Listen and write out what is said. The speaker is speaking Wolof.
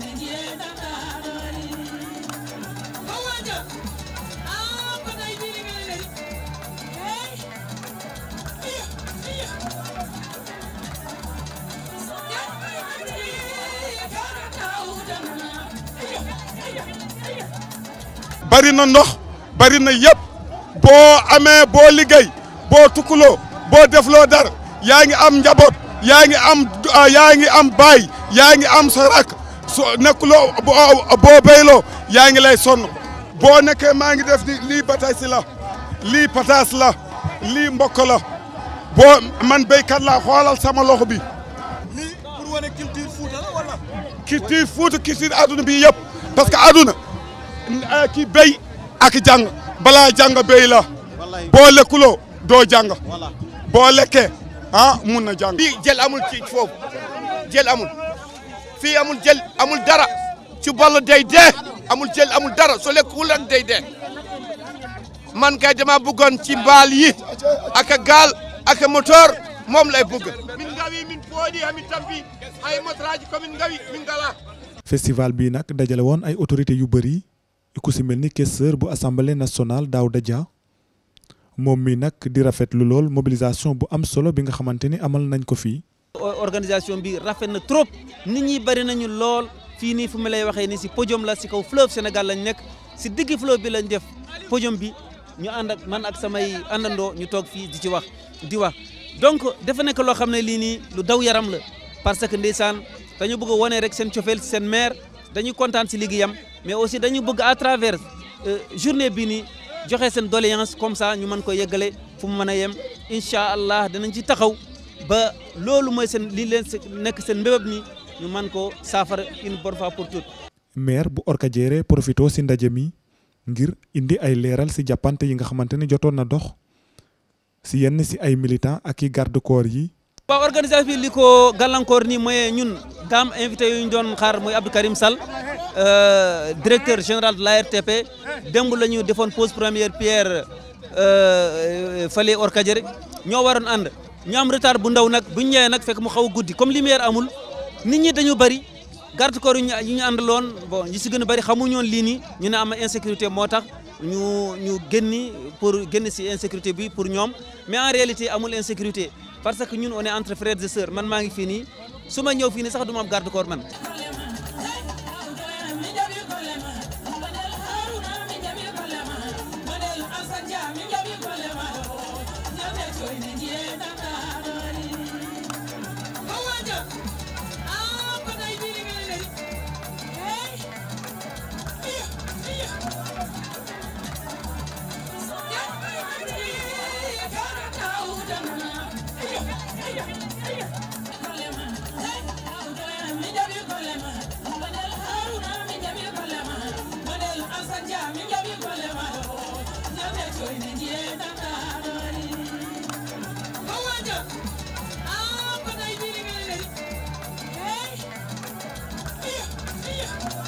Nigeria. bari na ndox bari na yëpp boo amee boo liggéey boo tukkuloo boo defloo dar yaa ngi am njaboot yaa ngi am ah, yaa ngi am baay yaa ngi am sa nekkuloo boo béyloo yaa ngi lay sonn boo nekkee maa ngi def ni lii batasi lii pataas la lii mbokk boo man béykat laa xoolal sama loxo bi. ki fii Fuuta ki bi yëpp parce que adduna eh, ki béy ak jàng balaa jàng béy la boo lekkuloo doo jàng boo lekkee ah mun na jàng. fii jël amul ci foofu jël amul fii amul jël amul dara ci ball day dee amul dara soo day dee man kay dama bëggoon ci mbaal yi ak gaal ak moteur. moom lay bëgg min ngawi min pooɗi hamin tampi hay festival bi nag dajale woon ay autorité yu bëri ku si mel ni questeur bu assemblée nationale Daouda Dia moom mi nag di rafetlu lool mobilisation bu am solo bi nga xamante ni amal nañ ko fii organisation bi rafet na trop nit ñi bëri nañu lool fii nii fu ma lay waxee nii si podium la si kaw fleuve Sénégal lañu nekk si digg fleuve bi lañ def podium bi ñu ànd ak man ak samay àndandoo ñu toog fii di ci wax di donc dafa nek lo xam ne ni lu daw yaram la parce que ndeysaan dañu bëgg woné rek sen ciofel sen maire dañuy kontaan si liggéeyam mais aussi dañu bëgg à travers euh, journée bi ni joxé sen doléance comme ça ñu mën ko yeggale fu mu mëna yem inshallah allah ci taxaw ba lolu moy sen li leen nek sen mbëb ni ñu mën ko safar une bonne fois pour toutes. maire bu jéré profito ci ndaje mi ngir indi ay léral si Japante yi nga xamante ne na dox. si yenn si ay militants ak i garde corps yi. waaw organisation bi li ko gàllankoor ni mooy ñun daam invité yu ñu doon xaar mooy Abdou Karim Sall euh, directeur général de la démb la ñu defoon pose première pierre euh, fale Orkadiéré ñoo waroon ànd ñu am retard bu ndaw nag bu ñu ñëwee nag fekk mu xaw guddi comme lumière amul nit ñi dañu bari garde corps yu ñu àndaloon bon ñi si gën a bari xamuñu lii nii ñu ne am insécurité moo tax. ñu ñu génni pour génn si insécurité bi pour ñoom mais en réalité amul insécurité parce que ñun one est entre frères et sœurs man maa ngi fii nii su ma ñëw fii nii sax du ma am garde corps man. Yeah. Yeah.